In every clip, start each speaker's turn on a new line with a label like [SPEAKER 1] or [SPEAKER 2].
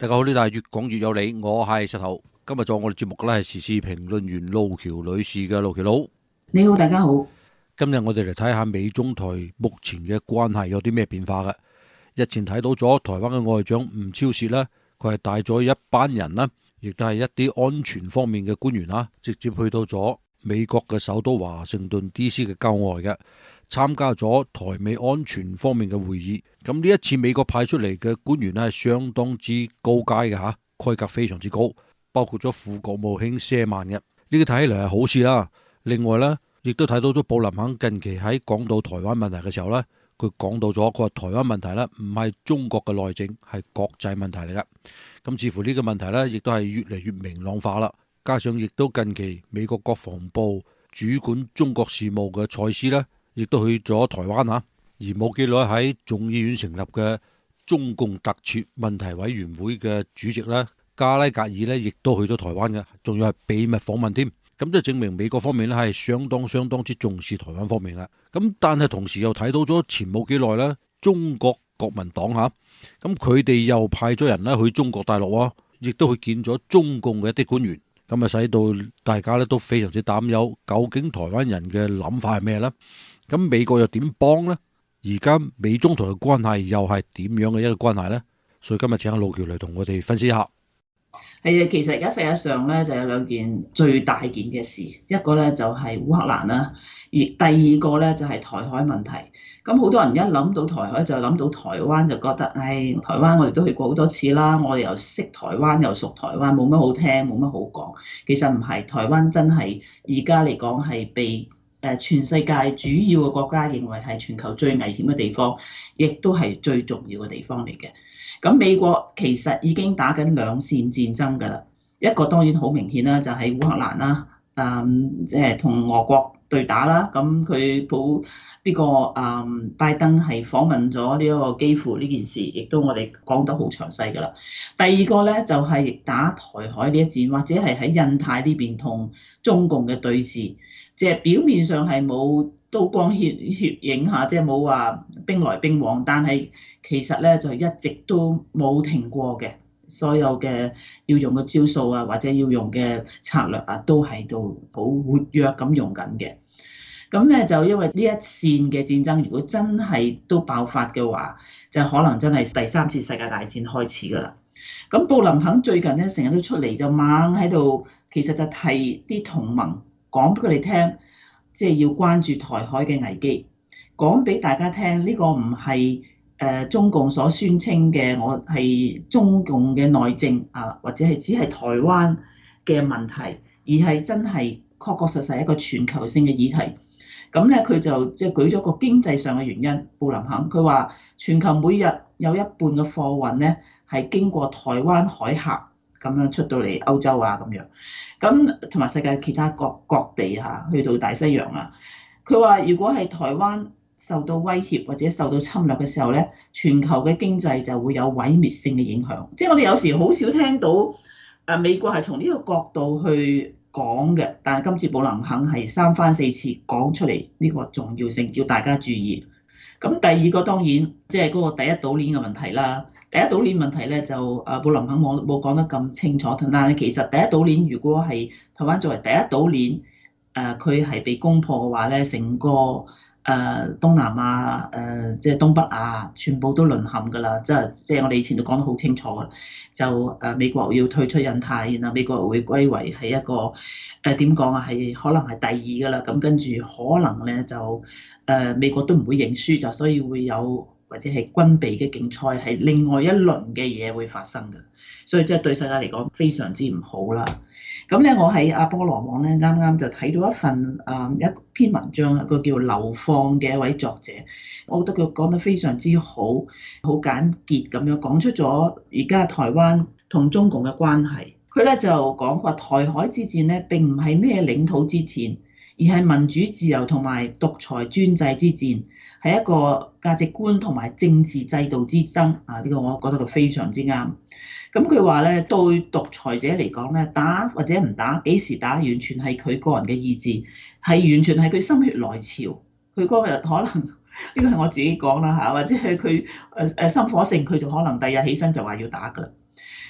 [SPEAKER 1] 大家好呢，呢度係越講越有理，我係石頭。今日做我哋節目嘅呢係時事評論員路橋女士嘅路橋佬。
[SPEAKER 2] 你好，大家好。
[SPEAKER 1] 今日我哋嚟睇下美中台目前嘅關係有啲咩變化嘅。日前睇到咗台灣嘅外長吳釗燮呢佢係帶咗一班人呢亦都係一啲安全方面嘅官員啦，直接去到咗美國嘅首都華盛頓 D.C 嘅郊外嘅。參加咗台美安全方面嘅會議，咁呢一次美國派出嚟嘅官員呢，係相當之高階嘅吓，規格非常之高，包括咗副國務卿舍曼嘅呢、呢個睇起嚟係好事啦。另外呢，亦都睇到咗布林肯近期喺講到台灣問題嘅時候呢，佢講到咗佢話台灣問題呢唔係中國嘅內政，係國際問題嚟嘅。咁似乎呢個問題呢，亦都係越嚟越明朗化啦。加上亦都近期美國國防部主管中國事務嘅蔡斯呢。亦都去咗台灣吓，而冇幾耐喺眾議院成立嘅中共特設問題委員會嘅主席咧，加拉格爾呢，亦都去咗台灣嘅，仲要係秘密訪問添。咁即係證明美國方面呢係相當相當之重視台灣方面㗎。咁但係同時又睇到咗前冇幾耐呢，中國國民黨吓，咁佢哋又派咗人呢去中國大陸喎，亦都去見咗中共嘅一啲官員。咁啊，使到大家咧都非常之擔憂，究竟台灣人嘅諗法係咩呢？咁美國又點幫咧？而家美中台嘅關係又係點樣嘅一個關係咧？所以今日請阿路橋嚟同我哋分析一
[SPEAKER 2] 下。係啊，其實而家世界上咧就有兩件最大件嘅事，一個咧就係烏克蘭啦，而第二個咧就係台海問題。咁好多人一諗到台海就諗到台灣，就覺得唉，台灣我哋都去過好多次啦，我哋又識台灣又熟台灣，冇乜好聽，冇乜好講。其實唔係，台灣真係而家嚟講係被誒，全世界主要嘅國家認為係全球最危險嘅地方，亦都係最重要嘅地方嚟嘅。咁美國其實已經打緊兩線戰爭㗎啦，一個當然好明顯啦，就係烏克蘭啦，誒、嗯，即係同俄國對打啦。咁佢保呢個誒、嗯、拜登係訪問咗呢一個基輔呢件事，亦都我哋講得好詳細㗎啦。第二個咧就係、是、打台海呢一戰，或者係喺印太呢邊同中共嘅對峙。即係表面上係冇刀光血血影，吓，即係冇話兵來兵往，但係其實咧就一直都冇停過嘅。所有嘅要用嘅招數啊，或者要用嘅策略啊，都喺度好活躍咁用緊嘅。咁咧就因為呢一線嘅戰爭，如果真係都爆發嘅話，就可能真係第三次世界大戰開始㗎啦。咁布林肯最近咧成日都出嚟就猛喺度，其實就提啲同盟。講俾佢哋聽，即係要關注台海嘅危機。講俾大家聽，呢個唔係誒中共所宣稱嘅，我係中共嘅內政啊，或者係只係台灣嘅問題，而係真係確確實實一個全球性嘅議題。咁咧，佢就即係舉咗個經濟上嘅原因。布林肯佢話，全球每日有一半嘅貨運咧係經過台灣海峽咁樣出到嚟歐洲啊，咁樣。咁同埋世界其他各各地嚇，去到大西洋啊，佢話如果係台灣受到威脅或者受到侵略嘅時候咧，全球嘅經濟就會有毀滅性嘅影響。即係我哋有時好少聽到誒美國係從呢個角度去講嘅，但係今次布林肯係三番四次講出嚟呢個重要性，叫大家注意。咁第二個當然即係嗰個第一島鏈嘅問題啦。第一島鏈問題咧，就啊布林肯冇冇講得咁清楚。但係其實第一島鏈如果係台灣作為第一島鏈，誒佢係被攻破嘅話咧，成個誒、呃、東南亞誒即係東北亞全部都淪陷㗎啦，即係即係我哋以前都講得好清楚嘅，就誒、呃、美國要退出印太，然後美國會歸為係一個誒點講啊係可能係第二㗎啦，咁跟住可能咧就誒、呃、美國都唔會認輸就，所以會有。或者係軍備嘅競賽係另外一輪嘅嘢會發生嘅，所以即係對世界嚟講非常之唔好啦。咁咧，我喺阿波羅網咧啱啱就睇到一份誒、嗯、一篇文章，一個叫劉放嘅一位作者，我覺得佢講得非常之好，好簡潔咁樣講出咗而家台灣同中共嘅關係。佢咧就講話台海之戰咧並唔係咩領土之戰，而係民主自由同埋獨裁專制之戰。係一個價值觀同埋政治制度之爭啊！呢個我覺得佢非常之啱。咁佢話咧，對獨裁者嚟講咧，打或者唔打，幾時打，完全係佢個人嘅意志，係完全係佢心血來潮。佢嗰日可能呢個係我自己講啦嚇，或者係佢誒誒心火盛，佢就可能第日起身就話要打㗎喇。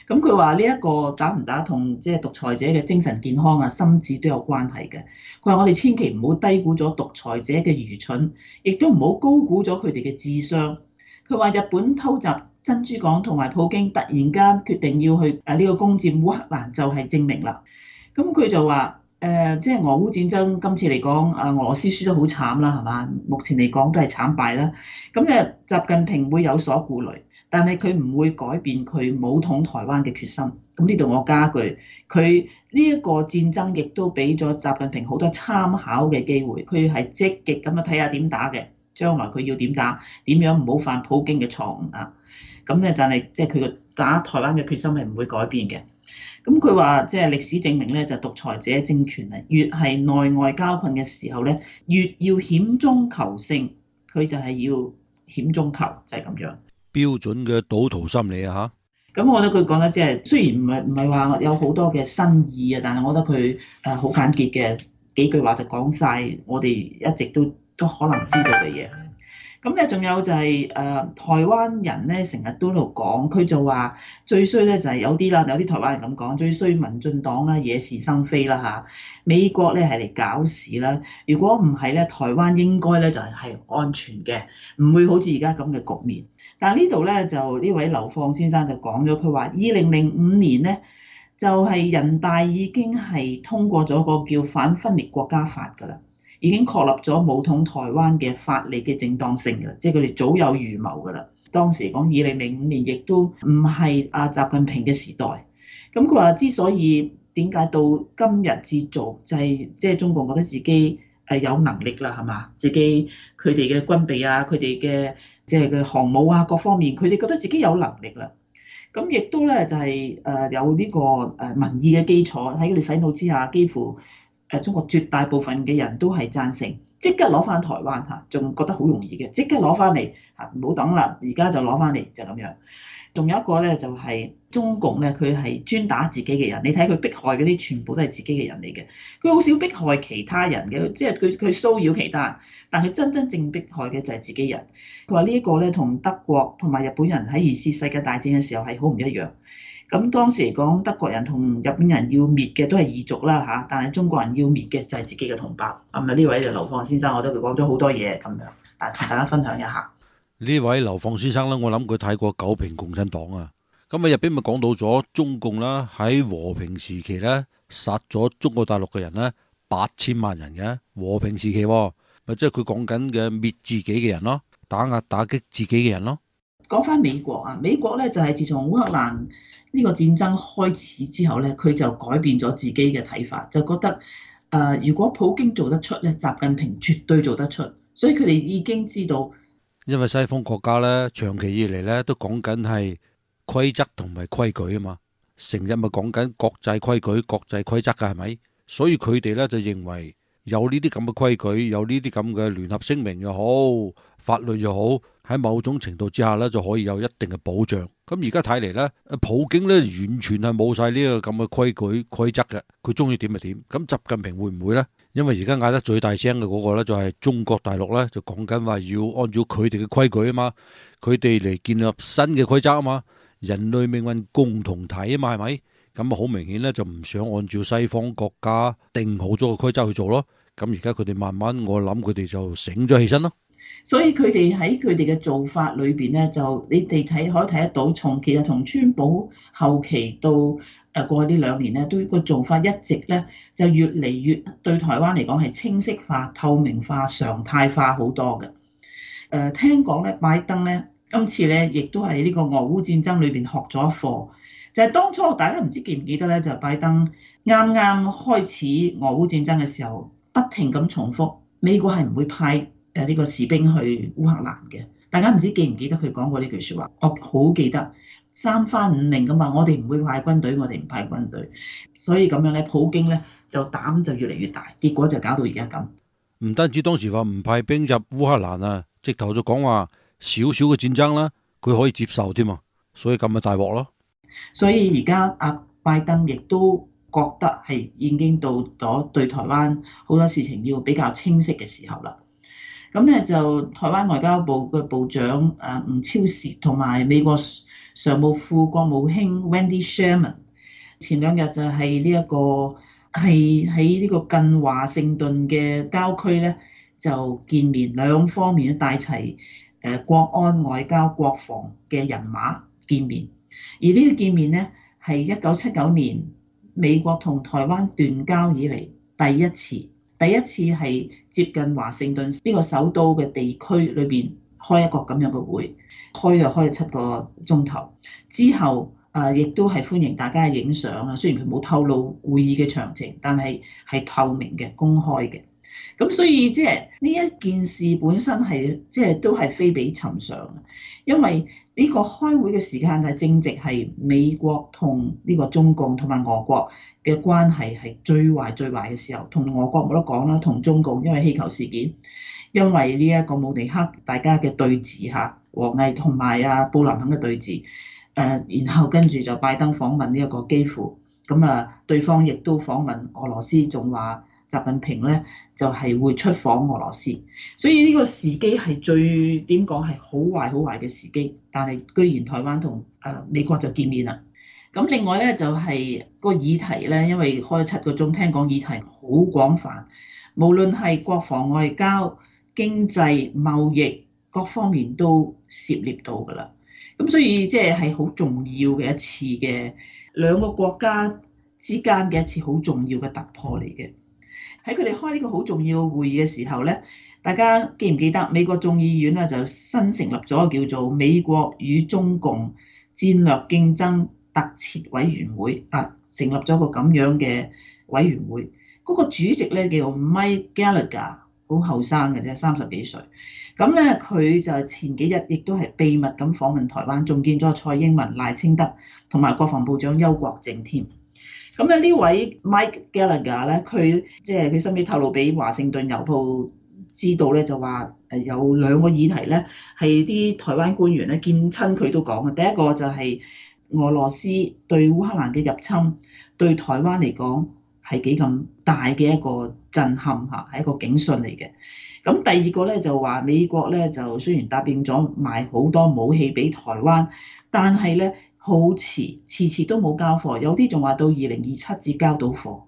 [SPEAKER 2] 咁佢話呢一個打唔打同即係獨裁者嘅精神健康啊、心智都有關係嘅。佢話我哋千祈唔好低估咗獨裁者嘅愚蠢，亦都唔好高估咗佢哋嘅智商。佢話日本偷襲珍珠港同埋普京突然間決定要去誒呢個攻佔烏克蘭就係、是、證明啦。咁佢就話誒，即、呃、係、就是、俄烏戰爭今次嚟講，啊俄羅斯輸得好慘啦，係嘛？目前嚟講都係慘敗啦。咁誒，習近平會有所顧慮。但係佢唔會改變佢武統台灣嘅決心。咁呢度我加句，佢呢一個戰爭亦都俾咗習近平好多參考嘅機會。佢係積極咁啊，睇下點打嘅，將來佢要點打，點樣唔好犯普京嘅錯誤啊。咁咧就係即係佢嘅打台灣嘅決心係唔會改變嘅。咁佢話即係歷史證明咧，就是、獨裁者政權啊，越係內外交困嘅時候咧，越要險中求勝。佢就係要險中求，就係、是、咁樣。
[SPEAKER 1] 標準嘅賭徒心理啊！咁、嗯，我覺得
[SPEAKER 2] 佢講得即係雖然唔係唔係話有好多嘅新意啊，但係我覺得佢誒好簡潔嘅幾句話就講晒我哋一直都都可能知道嘅嘢。咁、嗯、咧，仲有就係、是、誒、呃、台灣人咧，成日都喺度講，佢就話最衰咧就係、是、有啲啦，有啲台灣人咁講最衰民進黨啦，惹是生非啦嚇、啊。美國咧係嚟搞事啦。如果唔係咧，台灣應該咧就係、是、係安全嘅，唔會好似而家咁嘅局面。但呢度咧就呢位劉放先生就講咗，佢話二零零五年咧就係人大已經係通過咗個叫反分裂國家法㗎啦，已經確立咗武統台灣嘅法理嘅正當性㗎啦，即係佢哋早有預謀㗎啦。當時嚟講，二零零五年亦都唔係阿習近平嘅時代。咁佢話之所以點解到今日至做，就係即係中共覺得自己誒有能力啦，係嘛？自己佢哋嘅軍備啊，佢哋嘅。即係佢航母啊，各方面，佢哋覺得自己有能力啦。咁亦都咧就係誒有呢個誒民意嘅基礎喺佢哋洗腦之下，幾乎誒中國絕大部分嘅人都係贊成，即刻攞翻台灣嚇，仲覺得好容易嘅，即刻攞翻嚟嚇，唔好等啦，而家就攞翻嚟就咁樣。仲有一個咧，就係中共咧，佢係專打自己嘅人。你睇佢迫害嗰啲，全部都係自己嘅人嚟嘅。佢好少迫害其他人嘅，即係佢佢騷擾其他人，但佢真真正迫害嘅就係自己人。佢話呢一個咧，同德國同埋日本人喺二次世界大戰嘅時候係好唔一樣。咁當時嚟講，德國人同日本人要滅嘅都係異族啦嚇，但係中國人要滅嘅就係自己嘅同胞。啊、嗯，唔係呢位就路橋先生，我覺得佢講咗好多嘢咁樣，但同大家分享一下。
[SPEAKER 1] 呢位劉放先生咧，我諗佢睇過《九評共產黨》啊。咁啊，入邊咪講到咗中共啦，喺和平時期咧殺咗中國大陸嘅人咧八千萬人嘅和平時期咪即係佢講緊嘅滅自己嘅人咯，打壓打擊自己嘅人咯。
[SPEAKER 2] 講返美國啊，美國咧就係自從烏克蘭呢個戰爭開始之後咧，佢就改變咗自己嘅睇法，就覺得誒、呃，如果普京做得出咧，習近平絕對做得出，所以佢哋已經知道。
[SPEAKER 1] 因為西方國家咧，長期以嚟咧都講緊係規則同埋規矩啊嘛，成日咪講緊國際規矩、國際規則噶係咪？所以佢哋咧就認為有呢啲咁嘅規矩，有呢啲咁嘅聯合聲明又好，法律又好，喺某種程度之下咧就可以有一定嘅保障。咁而家睇嚟咧，普京咧完全係冇晒呢個咁嘅規矩規則嘅，佢中意點就點。咁習近平會唔會呢？因為而家嗌得最大聲嘅嗰個咧就係中國大陸咧就講緊話要按照佢哋嘅規矩啊嘛，佢哋嚟建立新嘅規則啊嘛，人類命運共同體啊嘛係咪？咁好明顯咧就唔想按照西方國家定好咗個規則去做咯。咁而家佢哋慢慢，我諗佢哋就醒咗起身咯。
[SPEAKER 2] 所以佢哋喺佢哋嘅做法裏邊咧，就你哋睇可以睇得到，從其實同川普後期到。誒過去呢兩年咧，都個做法一直咧就越嚟越對台灣嚟講係清晰化、透明化、常態化好多嘅。誒、呃、聽講咧，拜登咧今次咧亦都係呢個俄烏戰爭裏邊學咗一課，就係、是、當初大家唔知記唔記得咧，就是、拜登啱啱開始俄烏戰爭嘅時候，不停咁重複美國係唔會派誒呢個士兵去烏克蘭嘅。大家唔知記唔記得佢講過呢句説話？我好記得。三番五令㗎嘛，我哋唔會派軍隊，我哋唔派軍隊，所以咁樣咧，普京咧就膽就越嚟越大，結果就搞到而家咁。
[SPEAKER 1] 唔單止當時話唔派兵入烏克蘭啊，直頭就講話少少嘅戰爭啦、啊，佢可以接受添、啊、嘛。所以咁咪大鑊咯。
[SPEAKER 2] 所以而家阿拜登亦都覺得係已經到咗對台灣好多事情要比較清晰嘅時候啦。咁咧就台灣外交部嘅部長誒吳超時同埋美國常務副國務卿 Wendy Sherman 前兩日就係呢一個係喺呢個近華盛頓嘅郊區咧就見面，兩方面都帶齊誒國安、外交、國防嘅人馬見面。而呢個見面咧係一九七九年美國同台灣斷交以嚟第一次，第一次係接近華盛頓呢個首都嘅地區裏邊。開一個咁樣嘅會，開就開咗七個鐘頭。之後，誒、啊、亦都係歡迎大家嘅影相啊。雖然佢冇透露會議嘅詳情，但係係透明嘅、公開嘅。咁所以即係呢一件事本身係即係都係非比尋常。因為呢個開會嘅時間就係正值係美國同呢個中共同埋俄國嘅關係係最壞最壞嘅時候，同俄國冇得講啦，同中共因為氣球事件。因為呢一個慕尼克大家嘅對峙嚇，王毅同埋啊布林肯嘅對峙，誒，然後跟住就拜登訪問呢一個基輔。咁啊對方亦都訪問俄羅斯，仲話習近平咧就係、是、會出訪俄羅斯，所以呢個時機係最點講係好壞好壞嘅時機，但係居然台灣同誒美國就見面啦，咁另外咧就係、是、個議題咧，因為開七個鐘，聽講議題好廣泛，無論係國防外交。經濟貿易各方面都涉獵到㗎啦，咁所以即係係好重要嘅一次嘅兩個國家之間嘅一次好重要嘅突破嚟嘅。喺佢哋開呢個好重要嘅會議嘅時候呢，大家記唔記得美國眾議院呢？就新成立咗叫做美國與中共戰略競爭特設委員會啊、呃，成立咗個咁樣嘅委員會。嗰、嗰個主席呢，叫做 Mike Gallagher 好後生嘅啫，三十幾歲。咁咧，佢就前幾日亦都係秘密咁訪問台灣，仲見咗蔡英文、賴清德同埋國防部長邱國正添。咁咧呢位 Mike Gallagher 咧，佢即係佢身邊透露俾華盛頓郵報知道咧，就話誒有兩個議題咧，係啲台灣官員咧見親佢都講嘅第一個就係俄羅斯對烏克蘭嘅入侵，對台灣嚟講，係幾咁大嘅一個震撼嚇，係一個警訊嚟嘅。咁第二個咧就話美國咧就雖然答應咗賣好多武器俾台灣，但係咧好遲，遲遲都冇交貨，有啲仲話到二零二七至交到貨。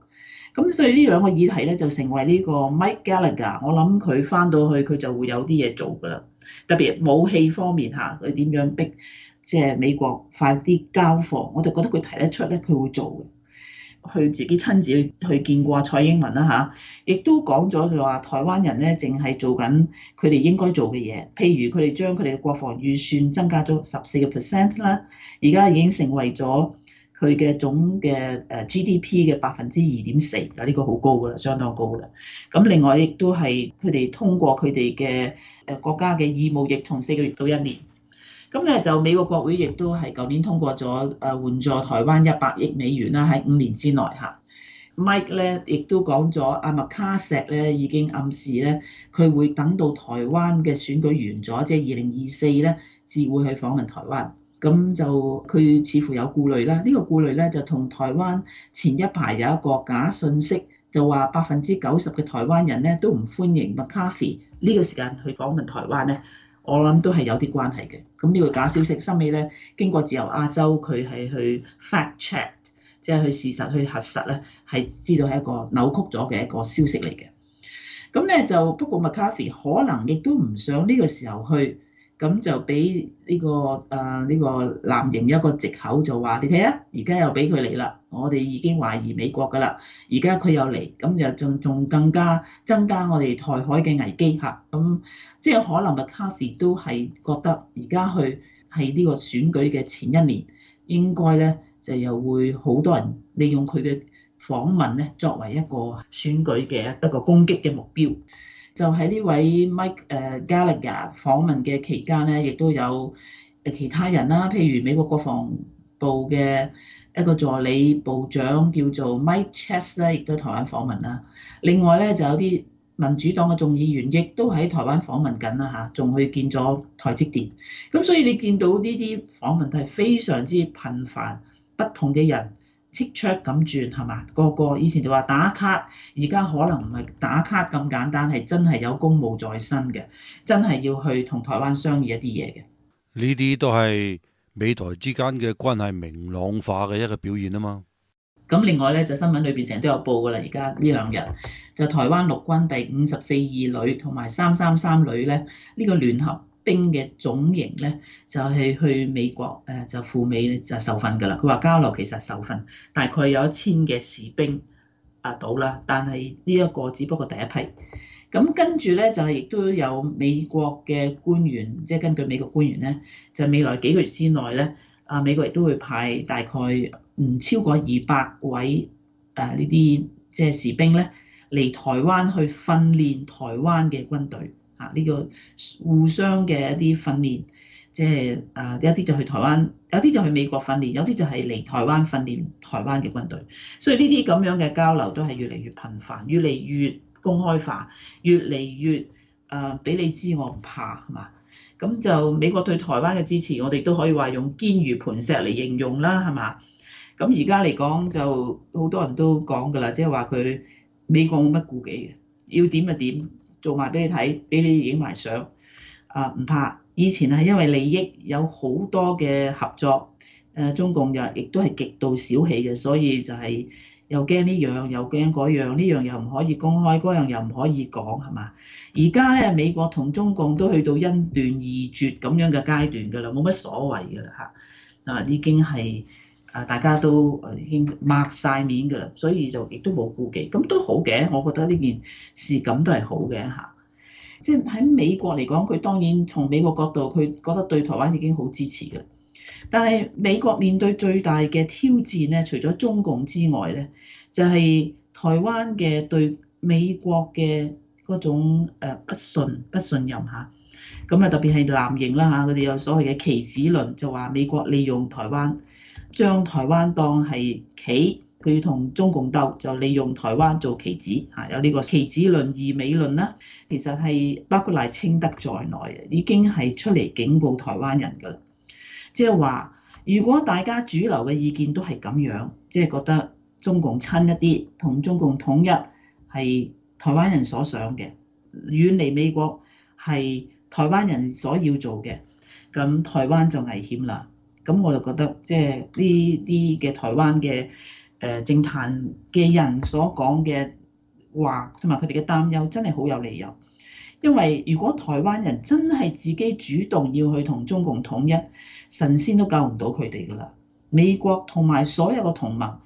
[SPEAKER 2] 咁所以呢兩個議題咧就成為呢個 Mike Gallagher，我諗佢返到去佢就會有啲嘢做㗎啦。特別武器方面嚇，佢點樣逼即係美國快啲交貨？我就覺得佢提得出咧，佢會做嘅。去自己親自去去見過蔡英文啦嚇，亦都講咗就話台灣人咧，淨係做緊佢哋應該做嘅嘢，譬如佢哋將佢哋嘅國防預算增加咗十四個 percent 啦，而家已經成為咗佢嘅總嘅誒 GDP 嘅百分之二點四㗎，呢個好高㗎啦，相當高㗎。咁另外亦都係佢哋通過佢哋嘅誒國家嘅義務，亦從四個月到一年。咁咧就美國國會亦都係舊年通過咗誒援助台灣一百億美元啦，喺五年之內嚇。Mike 咧亦都講咗，阿麥卡石錫咧已經暗示咧，佢會等到台灣嘅選舉完咗，即係二零二四咧，自會去訪問台灣。咁就佢似乎有顧慮啦。呢、這個顧慮咧就同台灣前一排有一個假訊息，就話百分之九十嘅台灣人咧都唔歡迎麥卡錫呢個時間去訪問台灣咧。我諗都係有啲關係嘅，咁呢個假消息，收尾咧經過自由亞洲佢係去 fact check，即係去事實去核實咧，係知道係一個扭曲咗嘅一個消息嚟嘅。咁咧就不過 McCarthy 可能亦都唔想呢個時候去。咁就俾呢、這個誒呢、啊這個藍營一個藉口就，就話你睇下，而家又俾佢嚟啦，我哋已經懷疑美國㗎啦，而家佢又嚟，咁就仲仲更加增加我哋台海嘅危機嚇，咁即係可能麥卡錫都係覺得而家去係呢個選舉嘅前一年，應該咧就又會好多人利用佢嘅訪問咧作為一個選舉嘅一個攻擊嘅目標。就喺呢位 Mike 誒 Gallagher 訪問嘅期間咧，亦都有其他人啦、啊，譬如美國國防部嘅一個助理部長叫做 Mike Chess 咧，亦都喺台灣訪問啦、啊。另外咧就有啲民主黨嘅眾議員，亦都喺台灣訪問緊啦嚇，仲去見咗台積電。咁所以你見到呢啲訪問都係非常之頻繁，不同嘅人。c h e 咁轉係嘛。個個以前就話打卡，而家可能唔係打卡咁簡單，係真係有公務在身嘅，真係要去同台灣商議一啲嘢嘅。
[SPEAKER 1] 呢啲都係美台之間嘅關係明朗化嘅一個表現啊嘛。
[SPEAKER 2] 咁另外咧就新聞裏邊，成日都有報噶啦，而家呢兩日就台灣陸軍第五十四二旅同埋三三三旅咧呢、呢個聯合，兵嘅總營咧，就係去美國，誒就赴美就受訓㗎啦。佢話交流其實受訓，大概有一千嘅士兵啊到啦，但係呢一個只不過第一批。咁跟住咧就係亦都有美國嘅官員，即係根據美國官員咧，就未來幾個月之內咧，啊美國亦都會派大概唔超過二百位誒呢啲即係士兵咧，嚟台灣去訓練台灣嘅軍隊。啊！呢個互相嘅一啲訓練，即係啊一啲就去台灣，有啲就去美國訓練，有啲就係嚟台灣訓練台灣嘅軍隊。所以呢啲咁樣嘅交流都係越嚟越頻繁，越嚟越公開化，越嚟越誒俾你知我唔怕係嘛？咁就美國對台灣嘅支持，我哋都可以話用堅如磐石嚟形容啦係嘛？咁而家嚟講就好多人都講㗎啦，即係話佢美國冇乜顧忌嘅，要點就點。做埋俾你睇，俾你影埋相，啊，唔怕，以前係因為利益有好多嘅合作，誒、啊、中共又亦都係極度小氣嘅，所以就係又驚呢樣又驚嗰樣，呢樣又唔可以公開，嗰樣又唔可以講係嘛？而家咧美國同中共都去到恩斷義絕咁樣嘅階段㗎啦，冇乜所謂㗎啦嚇，啊已經係。啊！大家都已經擘曬面㗎啦，所以就亦都冇顧忌，咁都好嘅。我覺得呢件事咁都係好嘅嚇，即係喺美國嚟講，佢當然從美國角度，佢覺得對台灣已經好支持㗎。但係美國面對最大嘅挑戰咧，除咗中共之外咧，就係、是、台灣嘅對美國嘅嗰種不信不信任嚇。咁啊，特別係藍營啦嚇，佢哋有所謂嘅棋子論，就話美國利用台灣。將台灣當係棋，佢同中共鬥，就利用台灣做棋子嚇，有呢個棋子論、疑美論啦。其實係包括賴清德在內，已經係出嚟警告台灣人噶啦。即係話，如果大家主流嘅意見都係咁樣，即係覺得中共親一啲，同中共統一係台灣人所想嘅，遠離美國係台灣人所要做嘅，咁台灣就危險啦。咁我就覺得，即係呢啲嘅台灣嘅誒、呃、政壇嘅人所講嘅話，同埋佢哋嘅擔憂，真係好有理由。因為如果台灣人真係自己主動要去同中共統一，神仙都救唔到佢哋㗎喇。美國同埋所有嘅同盟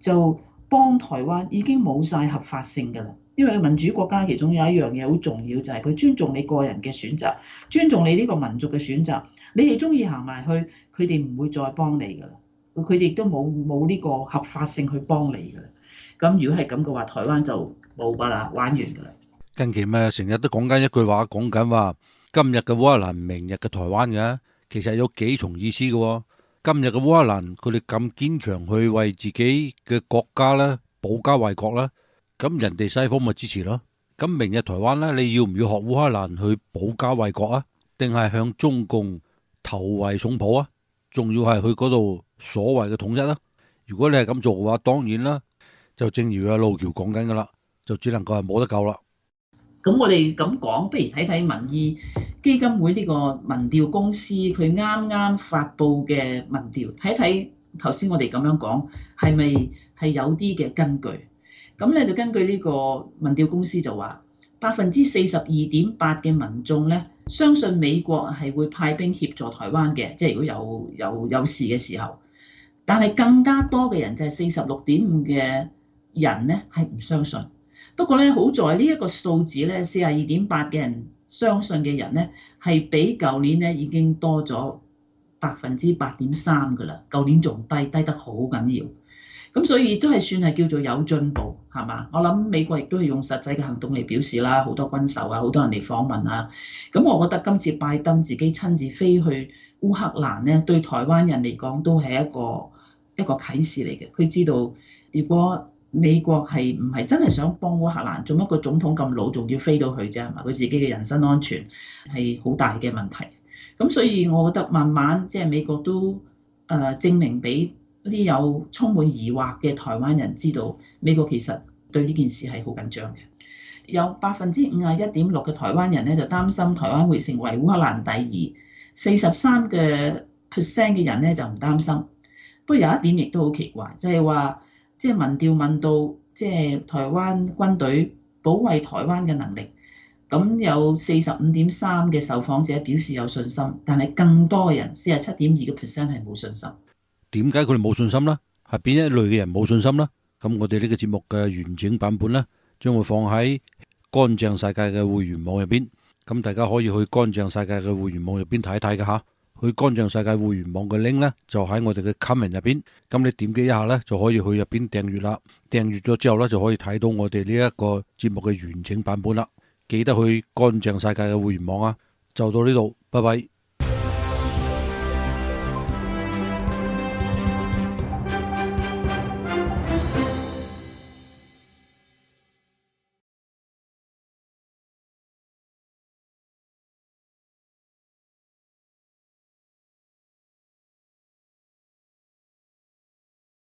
[SPEAKER 2] 就幫台灣已經冇晒合法性㗎喇。因為民主國家其中有一樣嘢好重要，就係佢尊重你個人嘅選擇，尊重你呢個民族嘅選擇。你哋中意行埋去，佢哋唔會再幫你噶啦。佢哋亦都冇冇呢個合法性去幫你噶啦。咁如果係咁嘅話，台灣就冇噶啦，
[SPEAKER 1] 玩完噶啦。近期咪成日都講緊一句話，講緊話今日嘅烏克蘭，明日嘅台灣嘅，其實有幾重意思嘅喎。今日嘅烏克蘭，佢哋咁堅強去為自己嘅國家咧，保家衛國啦。咁人哋西方咪支持咯？咁明日台灣咧，你要唔要學烏克蘭去保家衛國啊？定係向中共投懷送抱啊？仲要係去嗰度所謂嘅統一啊？如果你係咁做嘅話，當然啦，就正如阿路橋講緊噶啦，就只能夠係冇得救啦。
[SPEAKER 2] 咁我哋咁講，不如睇睇民意基金會呢個民調公司，佢啱啱發布嘅民調，睇睇頭先我哋咁樣講，係咪係有啲嘅根據？咁咧就根據呢個民調公司就話，百分之四十二點八嘅民眾咧相信美國係會派兵協助台灣嘅，即係如果有有有事嘅時候。但係更加多嘅人就係四十六點五嘅人咧係唔相信。不過咧好在呢一個數字咧四十二點八嘅人相信嘅人咧係比舊年咧已經多咗百分之八點三㗎啦。舊年仲低低得好緊要。咁所以都係算係叫做有進步，係嘛？我諗美國亦都係用實際嘅行動嚟表示啦，好多軍售啊，好多人嚟訪問啊。咁我覺得今次拜登自己親自飛去烏克蘭咧，對台灣人嚟講都係一個一個啟示嚟嘅。佢知道如果美國係唔係真係想幫烏克蘭，做乜個總統咁老仲要飛到去啫？係嘛？佢自己嘅人身安全係好大嘅問題。咁所以我覺得慢慢即係美國都誒、呃、證明俾啲有充滿疑惑嘅台灣人知道美國其實對呢件事係好緊張嘅，有百分之五十一點六嘅台灣人咧就擔心台灣會成為烏克蘭第二，四十三嘅 percent 嘅人咧就唔擔心。不過有一點亦都好奇怪，就係話即係民調問到即係、就是、台灣軍隊保衞台灣嘅能力，咁有四十五點三嘅受訪者表示有信心，但係更多人四十七點二嘅 percent 係冇信心。
[SPEAKER 1] 點解佢哋冇信心呢？係邊一類嘅人冇信心呢？咁我哋呢個節目嘅完整版本呢，將會放喺乾淨世界嘅會員網入邊。咁大家可以去乾淨世界嘅會員網入邊睇睇嘅吓。去乾淨世界會員網嘅 link 呢，就喺我哋嘅 comment 入邊。咁你點擊一下呢，就可以去入邊訂閱啦。訂閱咗之後呢，就可以睇到我哋呢一個節目嘅完整版本啦。記得去乾淨世界嘅會員網啊！就到呢度，拜拜。